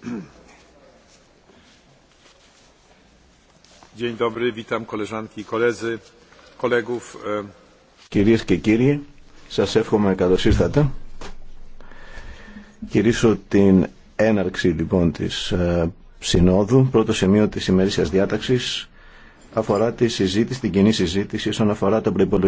Dzień Κυρίες και κύριοι, σα εύχομαι καλώς ήρθατε. Κυρίσω την έναρξη λοιπόν της ε, συνόδου. Πρώτο σημείο της ημερήσιας διάταξης αφορά τη συζήτηση, την κοινή συζήτηση όσον αφορά τον προπολογισμό